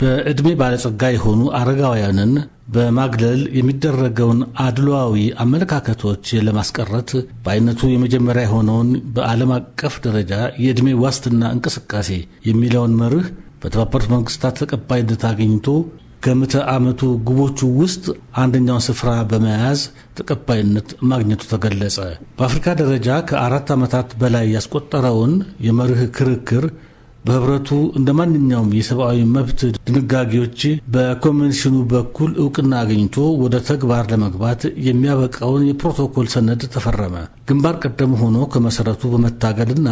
በዕድሜ ባለጸጋ የሆኑ አረጋውያንን በማግለል የሚደረገውን አድሏዊ አመለካከቶች ለማስቀረት በአይነቱ የመጀመሪያ የሆነውን በዓለም አቀፍ ደረጃ የዕድሜ ዋስትና እንቅስቃሴ የሚለውን መርህ በተባበሩት መንግስታት ተቀባይነት አግኝቶ ከምዕተ ዓመቱ ግቦቹ ውስጥ አንደኛውን ስፍራ በመያዝ ተቀባይነት ማግኘቱ ተገለጸ። በአፍሪካ ደረጃ ከአራት ዓመታት በላይ ያስቆጠረውን የመርህ ክርክር በህብረቱ እንደ ማንኛውም የሰብአዊ መብት ድንጋጌዎች በኮንቬንሽኑ በኩል እውቅና አግኝቶ ወደ ተግባር ለመግባት የሚያበቃውን የፕሮቶኮል ሰነድ ተፈረመ። ግንባር ቀደም ሆኖ ከመሰረቱ በመታገልና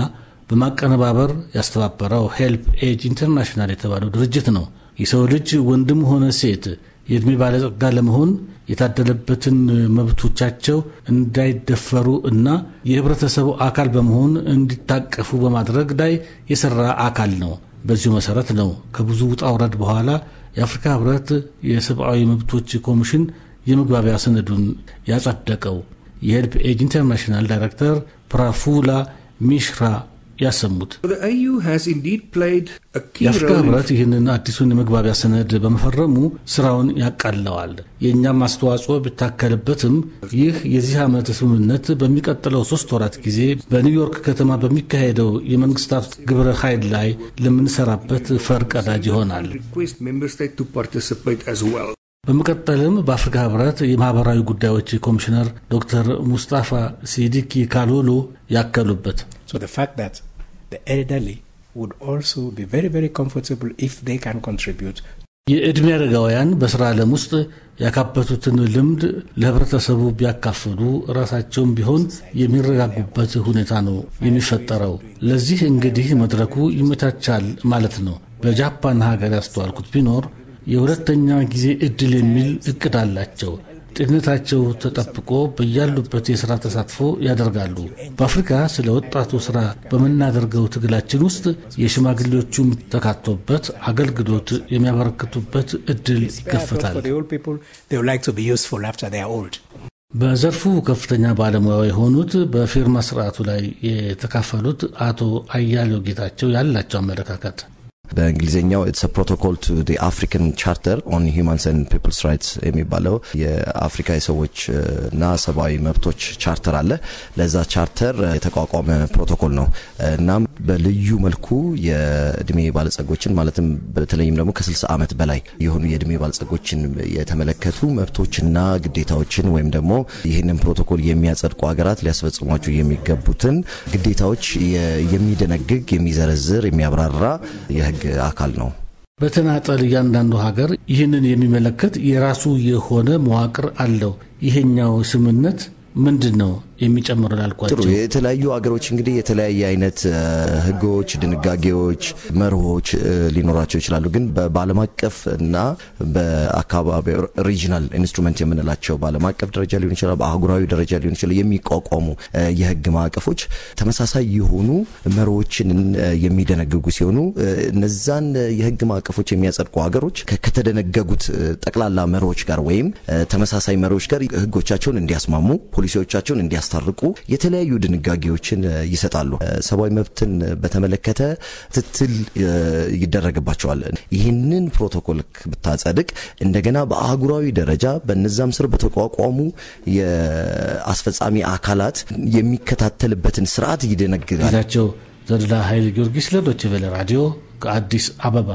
በማቀነባበር ያስተባበረው ሄልፕ ኤጅ ኢንተርናሽናል የተባለው ድርጅት ነው። የሰው ልጅ ወንድም ሆነ ሴት የእድሜ ባለጸጋ ለመሆን የታደለበትን መብቶቻቸው እንዳይደፈሩ እና የህብረተሰቡ አካል በመሆን እንዲታቀፉ በማድረግ ላይ የሰራ አካል ነው። በዚሁ መሰረት ነው ከብዙ ውጣ ውረድ በኋላ የአፍሪካ ህብረት የሰብአዊ መብቶች ኮሚሽን የመግባቢያ ሰነዱን ያጸደቀው። የሄልፕ ኤጅ ኢንተርናሽናል ዳይሬክተር ፕራፉላ ሚሽራ ያሰሙት። የአፍሪካ ህብረት ይህንን አዲሱን የመግባቢያ ሰነድ በመፈረሙ ስራውን ያቃለዋል። የእኛም አስተዋጽኦ ቢታከልበትም ይህ የዚህ ዓመት ስምምነት በሚቀጥለው ሶስት ወራት ጊዜ በኒውዮርክ ከተማ በሚካሄደው የመንግስታት ግብረ ኃይል ላይ ለምንሰራበት ፈርቀዳጅ ይሆናል። በመቀጠልም በአፍሪካ ህብረት የማህበራዊ ጉዳዮች ኮሚሽነር ዶክተር ሙስጣፋ ሲዲኪ ካሎሎ ያከሉበት So the fact that the elderly would also be very, very comfortable if they can contribute የዕድሜ አረጋውያን በስራ ዓለም ውስጥ ያካበቱትን ልምድ ለህብረተሰቡ ቢያካፍሉ ራሳቸውም ቢሆን የሚረጋጉበት ሁኔታ ነው የሚፈጠረው። ለዚህ እንግዲህ መድረኩ ይመቻቻል ማለት ነው። በጃፓን ሀገር ያስተዋልኩት ቢኖር የሁለተኛ ጊዜ እድል የሚል እቅድ አላቸው። ጤንነታቸው ተጠብቆ በያሉበት የስራ ተሳትፎ ያደርጋሉ። በአፍሪካ ስለ ወጣቱ ስራ በምናደርገው ትግላችን ውስጥ የሽማግሌዎቹም ተካቶበት አገልግሎት የሚያበረክቱበት እድል ይከፈታል። በዘርፉ ከፍተኛ ባለሙያ የሆኑት በፊርማ ስርዓቱ ላይ የተካፈሉት አቶ አያሌው ጌታቸው ያላቸው አመለካከት በእንግሊዝኛው ኢትስ ፕሮቶኮል ቱ አፍሪካን ቻርተር ኦን ሂውማንስ ን ፒፕልስ ራይትስ የሚባለው የአፍሪካ የሰዎች ና ሰብአዊ መብቶች ቻርተር አለ። ለዛ ቻርተር የተቋቋመ ፕሮቶኮል ነው። እናም በልዩ መልኩ የእድሜ ባለጸጎችን ማለትም በተለይም ደግሞ ከ60 ዓመት በላይ የሆኑ የእድሜ ባለጸጎችን የተመለከቱ መብቶችና ግዴታዎችን ወይም ደግሞ ይህንን ፕሮቶኮል የሚያጸድቁ ሀገራት ሊያስፈጽሟቸው የሚገቡትን ግዴታዎች የሚደነግግ የሚዘረዝር የሚያብራራ የህግ አካል ነው። በተናጠል እያንዳንዱ ሀገር ይህንን የሚመለከት የራሱ የሆነ መዋቅር አለው። ይሄኛው ስምምነት ምንድን ነው? የሚጨምሩ ላልኳቸው የተለያዩ ሀገሮች እንግዲህ የተለያየ አይነት ህጎች፣ ድንጋጌዎች፣ መርሆች ሊኖራቸው ይችላሉ። ግን በዓለም አቀፍ እና በአካባቢ ሪጂናል ኢንስትሩመንት የምንላቸው በዓለም አቀፍ ደረጃ ሊሆን ይችላል፣ በአህጉራዊ ደረጃ ሊሆን ይችላል የሚቋቋሙ የህግ ማዕቀፎች ተመሳሳይ የሆኑ መርሆችን የሚደነግጉ ሲሆኑ እነዛን የህግ ማዕቀፎች የሚያጸድቁ ሀገሮች ከተደነገጉት ጠቅላላ መርሆች ጋር ወይም ተመሳሳይ መርሆች ጋር ህጎቻቸውን እንዲያስማሙ ፖሊሲዎቻቸውን እንዲያ የሚያስታርቁ የተለያዩ ድንጋጌዎችን ይሰጣሉ። ሰብአዊ መብትን በተመለከተ ትትል ይደረግባቸዋል። ይህንን ፕሮቶኮል ብታጸድቅ እንደገና በአህጉራዊ ደረጃ በነዛም ስር በተቋቋሙ የአስፈጻሚ አካላት የሚከታተልበትን ስርዓት ይደነግጋል። ጌታቸው ዘድላ ጊዮርጊስ ለዶችቬለ ራዲዮ ከአዲስ አበባ